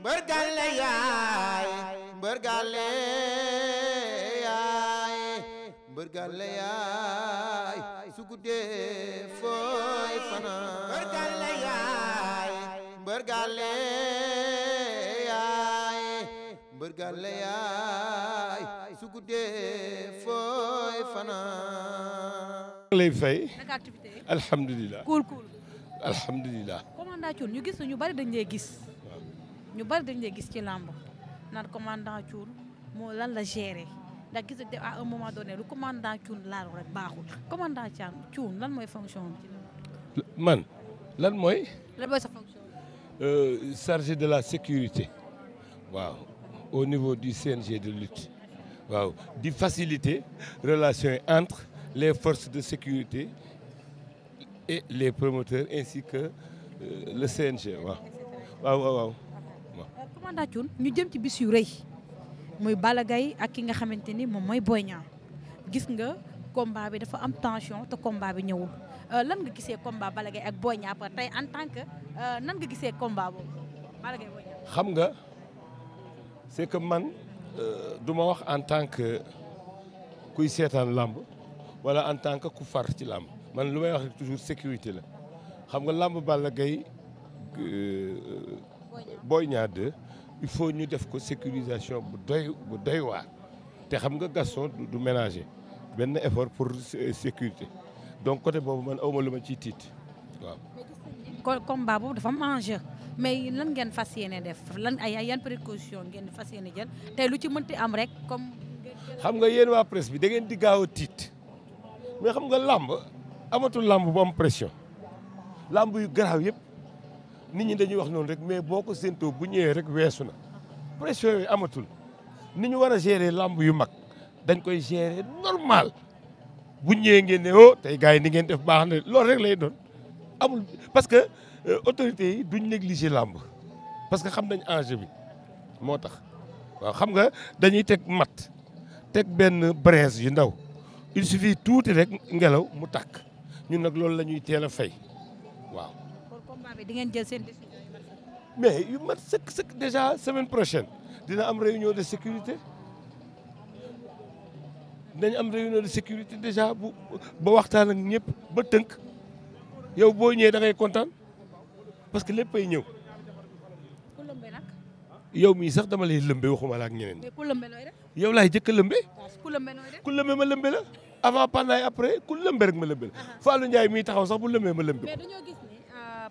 mbër gàlle yaay mbër gàlle yaay mbër gàlle fooy fanaan mbër gàlle yaay mbër gàlle yaay mbër gàlle yaay su guddee fooy fanaan lay fay alhamdulilah cool cool alhamdulilah commanda Thioune ñu gis ñu bari dañ lay gis ñu bari dañ lay gis ci làmb naan commandant Thioune moo lan la gérer ndax gis nga à un moment donné lu commandant Thioune laal rek lan mooy fonction man lan mooy. lan mooy euh, de la sécurité waaw au niveau du CNG de lutte waaw di facilité relation entre les forces de sécurité et les promoteurs ainsi que euh, le CNG waaw. commandant Thioune ñu jëm ci bis yu rëy muy Balla Gaye ak ki nga xamante ni moom mooy Boy Niang gis nga combat bi dafa am tension te combat bi ñëwul euh, lan nga gisee combat Balla Gaye ak Boy Niang en tant que euh, nan nga gisee combat boobu xam nga c'est que man euh, du ma wax en tant que kuy seetaan làmb wala en tant que ku far ci làmb man lu may wax toujours sécurité la xam nga làmb Balla Gaye Boy il faut ñu def ko sécurisation bu doy bu doy waa te xam nga Gaston du ménager benn effort pour sécurité donc côté boobu man awma lu ma ciy tiit waaw. combat boobu dafa am enjeu mais lan ngeen fas yéene def lan ay yan précaution ngeen fas yéene jël tey lu ci mënti am rek comme. xam nga yéen waa presse bi da ngeen di gaaw a tiit mais xam nga làmb amatul làmb bu pression làmb yu garaaw yëpp. nit ñi dañuy wax noonu rek mais boo ko séentoo bu ñëwee rek weesu na pression yooyu amatul ni ñu war a gérer làmb yu mag dañ koy gérer normal bu ñëwee ngeen ne oh tey gars yi ni ngeen def baax na loolu rek lay doon amul parce que euh, autorités yi duñ négliger làmb parce que xam nañ enjeu bi moo tax waaw xam nga dañuy teg mat teg benn braise yu ndaw il suffit tuuti rek ngelaw mu takk ñun nag loolu la ñuy teel a fay waaw di ngeen jël seen mais yu mat sëkk sëkk semaine prochaine dina am réunion de sécurité dinañ am réunion de sécurité déjà bu ba waxtaan ak ñëpp ba tënk yow boo ñëwee da ngay kontaan parce que lépp ay ñëw. ku lëmbe nag. yow mii sax dama lay lëmbe waxuma la ak ñeneen. mais ku lëmbe nooy def. yow laay jëkk lëmbe. ku lëmbe nooy def ku ma lëmbe avant pendant et après ku lëmbe rek ma lëmbe la. Fallou Ndiaye mii taxaw sax bu lëmbee ma lëmbe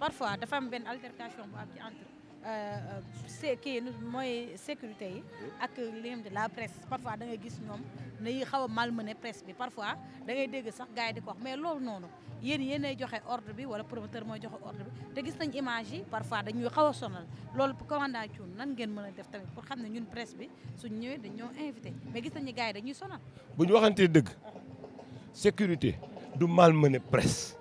parfois dafa am benn altercation bu am ci entre euh, euh, se mooy sécurité yi ak li de la presse parfois da ngay gis ñoom nay xaw a malmené presse bi parfois da ngay dégg sax gars di ko wax mais loolu noonu yéen yéenay joxe ordre bi wala promoteur mooy joxe ordre bi te gis nañ image yi parfois dañuy xaw a sonal loolu commandant Thioune nan ngeen mën a def tamit pour xam ne ñun presse bi suñ ñëwee dañoo invité mais gis nañu gars yi dañuy sonal bu ñu waxantee dégg sécurité du malmené presse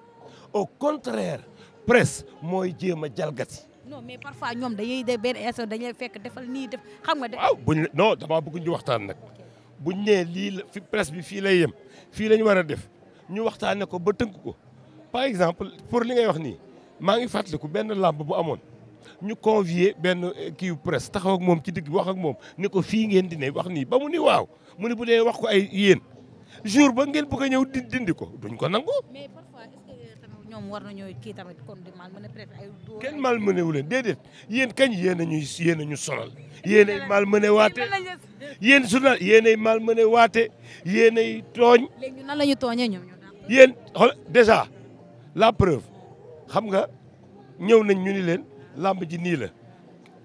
au contraire presse mooy jéem a jalgati. non mais parfois ñoom dañuy de benn instant dañuy fekk defal nii def xam nga. waaw buñ non damaa bëgg ñu waxtaan nag buñ nee lii la fi presse bi fii lay yem fii la ñu war a def ñu waxtaanee ko ba tënk ko par exemple pour li ngay wax nii maa ngi fàttaliku benn làmb bu amoon ñu convier benn eh, kii presse taxaw ak moom ci digg wax ak moom ni ko fii ngeen di ne wax nii ba mu ni waaw mu ni bu dee wax ko ay yéen jour ba ngeen bëgg a ñëw dindi ko duñ ko nangu. ñoom war nañoo kii tamit kon di kenn malmené wu leen déedéet yéen kañ yéen a ñuy yéen a ñu sonal. yéen ay malmené waate yéen sonal yéen ay waate yéen ay tooñ. léegi nan la ñu preuve xam nga ñëw nañ ñu ni leen làmb ji nii la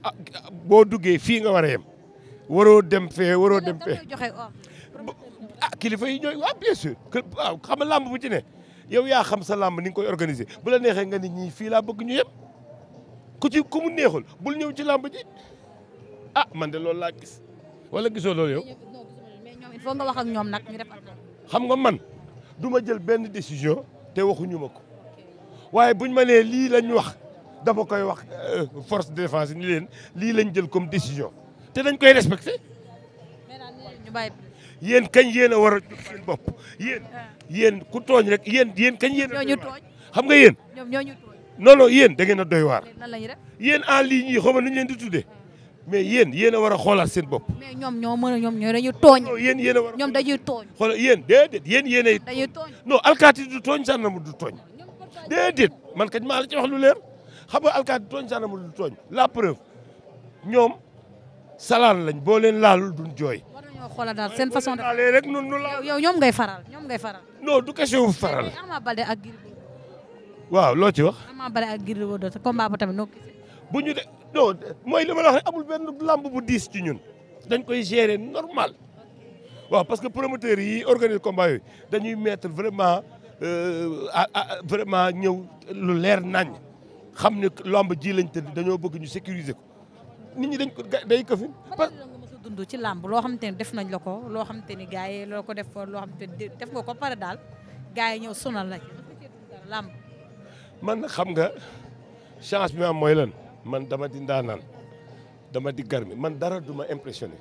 ah, boo duggee fii nga war a yem waroo dem fee waroo dem fee. ah kilifa yi ñooy waaw bien sûr que xam làmb bu ci ne. yow yaa xam sa làmb ni nga koy organiser bu la neexee nga nit ñi fii laa bëgg ñu yëpp ku ci ku mu neexul bul ñëw ci làmb ji ah man de loolu laa gis wala gisoo loolu yow. il faut nga wax ak ñoom nag ñu xam nga man du ma jël benn décision te waxu ñu ma ko waaye buñ ma nee lii lañ wax dama koy wax euh, force de défense ni leen lii lañ jël comme décision te dañ koy respecté. yéen kañ yéen a war a jóg seen bopp yéen ah. yéen ku tooñ rek yéen yéen kañ yéen a tooñ xam nga yéen non non yéen da ngeen a doy waar yéen en ligne yi xawma nuñu leen di tuddee ah. mais yen yéen a war a xoolaat seen bopp mais ñoom ñoo mën a ñoom ñooy dañuy tooñ yéen yéen a war ñoom dañuy tooñ yéen yéen yéen ay dañuy tooñ non alkaati du tooñ sànnamu du tooñ ah, déedéet man kañ maa la ca wax lu leer xam nga alkaati tooñ sànnamu du tooñ la preuve ñoom salaan lañ boo leen laalul duñ jooy nga xoolal daal seen façon de. rek ñun ñu la. yow ñoom ngay faral ñoom ngay faral. non du question faral. Ama Baldé ak waaw loo ci wax. Ama Baldé ak Gris Bordeaux sa combat ba tamit noo ñu de non mooy li ma la wax amul benn lamb bu diis ci ñun. dañ koy gérer normal. waaw parce que promoteurs yi organiser combat yooyu dañuy mettre vraiment euh, vraiment ñëw lu leer nañ xam ne lamb ji lañ tëdd dañoo bëgg ñu sécuriser ko nit ñi dañ ko day ko fi. dund ci làmb loo xamante ni def nañ la ko loo xam xamante ni gars yi loo ko def loo te ni def nga ko pare daal gars yi ñëw sonal la làmb. man nag xam nga chance bi am mooy lan man dama di ndaanaan dama di garmi man dara duma ma impressionné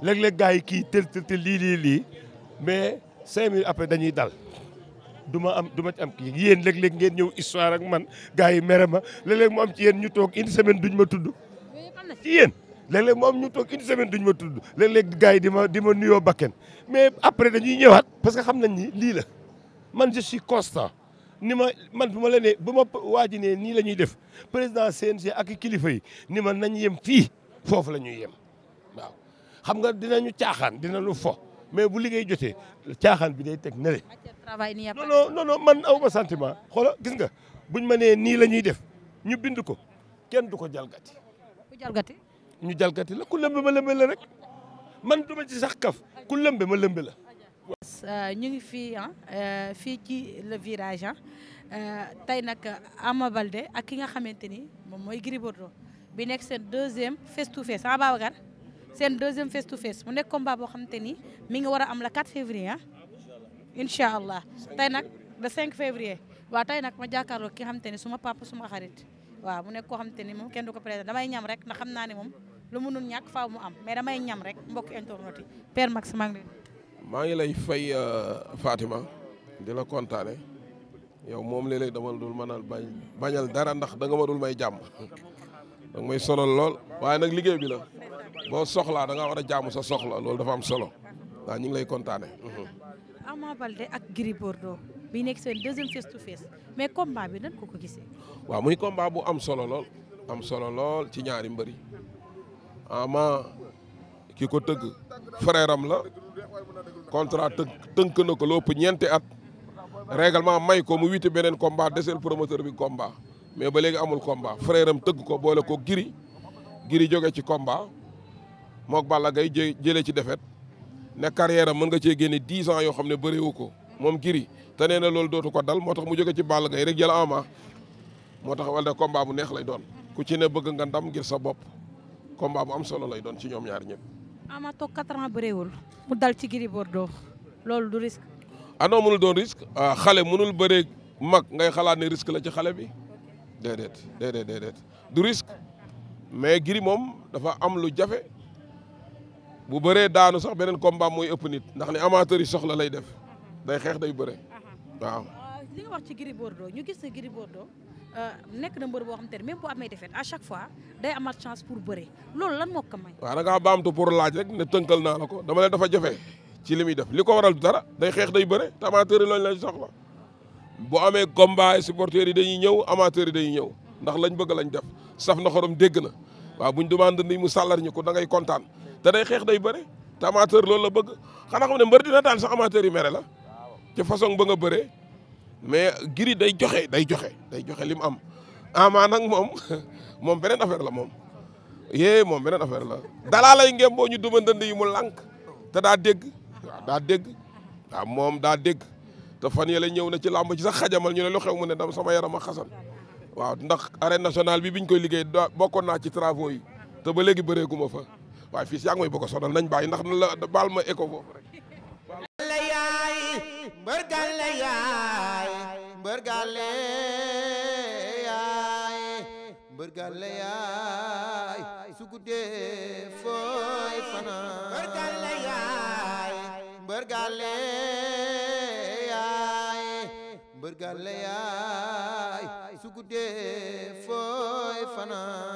léeg-léeg yi kii tël tël lii lii lii mais cinq minutes après dañuy dal. duma am du ma ci am kii yéen léeg-léeg ngeen ñëw histoire ak man gars yi mere ma léeg-léeg mu am ci yéen ñu toog une semaine duñ ma tudd ci léeg-léeg moom ñu toog une semaine duñ ma tudd léeg gars yi di ma di ma nuyoo bakken mais après dañuy ñëwaat parce que xam nañ ni lii la man je suis ni ma man bu ma la nee bu waa ji nii la ñuy def président CNG ak kilifa yi ni ma nañ yem fii foofu la ñuy yem waaw. xam nga dinañu caaxaan dinañu fo mais bu liggéey jotee caaxaan bi day teg nele non non non non man awma sentiment xoola gis nga buñ ma nee nii la ñuy def ñu bind ko kenn du ko jalgati. ku jalgati. ñu jalgati la ku lëmbe ma lëmbe la rek man duma sax kaf ku lëmbe ma lëmbe la euh, ñu ngi fii ah euh, fii ci le virage ah euh, tey nag Ama Baldé ak ki nga xamante ni moom mooy Gris Bordeaux bi nekk seen deuxième face to face ah Babacar seen deuxième face to face mu nekk combat boo xamante ni mi ngi war a am la 4 février ah incha allah tey nag le 5 février waa tey nag ma jàkkaarloo ki nga xamante ni suma papa suma xarit waaw mu nekk koo xamante ni moom kenn du ko présenté damay ñam rek ndax xam naa ne moom lu mënul ñàkk faaw mu am mais damay ñam rek mbokk internautes yi Père Max maa ngi maa ngi lay fay euh, Fatima di la kontaane yow moom lay léeg dama dul mënal bañ bañal dara ndax da nga ma dul may jàmm da nga may sonal lool waaye nag liggéey bi la boo soxlaa da nga war a jàmm sa soxla loolu dafa am solo waaw ñu ngi lay kontaane. Ama Baldé ak Gris Bordeaux bi nekk seen deuxième face to face mais combat bi nan ko ko gisee. waaw muy combat bu am solo lool am solo lool ci ñaari mbari ama ki ko tëgg frère la contrat të tënk na ko lopp ñeenti at règlement may ko mu witi beneen combat deseel promoteur bi combat mais ba léegi amul combat frère am tëgg ko boole ko giri giri jóge ci combat mook Balla Gaye jëlee ci defet ne carrière am mën nga cee génne dix ans yoo xam ne bëriwu ko moom giri te nee na loolu dootu ko dal moo tax mu jóge ci Balla Gaye rek jël Ama moo tax wala combat bu neex lay doon ku ci ne bëgg nga ndam ngir sa bopp combat bu am solo lay doon ci ñoom ñaar ñëpp. Ama toog 4 ans bëreewul mu dal ci Gris Bordeaux loolu du risque. ah non mënul doon risque ah, xale mënul bëree mag ngay xalaat ne risque la ci xale bi déedéet déedéet déedéet du risque mais Gris moom dafa am lu jafe bu bëree daanu sax beneen combat mooy ëpp nit ndax ne amateur yi soxla lay def. day xeex day bëre. Uh-huh. waaw. Euh, li wax ci Gris Bordeaux ñu gis ne Gris Bordeaux euh, nekk na mbër boo xam te ne même amee défaite à chaque fois day amaat chance pour bëre loolu lan moo kam may. waa da ngaa baamtu pour laaj rek ne tënkal naa la ko dama leen dafa jafe ci li muy def li ko waral dara day xeex day bëre tamateur amateurs la soxla bu amee combat supporters yi dañuy ñëw amateurs yi dañuy ñëw ndax lañ bëgg lañ def saf na xorom dégg na waaw buñ demande ni mu sàllar ñu ko da ngay kontaan te day xeex day bëre te amateur loolu la bëgg xanaa xam ne mbër dina daan sax amateur yi mere la. ci façon ba nga bëree mais giri day joxe day joxe day joxe li mu am ama nag moom moom beneen affaire la moom yee moom beneen affaire la dalaa lay ngem boo ñu duma ndënd yi mu lànk te daa dégg waaw daa dégg waaw moom daa dégg te fan yële ñëw na ci làmb ci sax xajamal ñu ne lu xew mu ne dam sama yaram a xasan waaw ndax arène nationale bi biñ koy liggéey bokkoon naa ci travaux yi te ba léegi bëreeguma fa waaye fii si yaa ngi may a sonal bàyyi ndax la baal ma écho foofu rek mbërgale yaay mbërgale yaay mbërgale yaay su yaay mbërgale yaay fanaan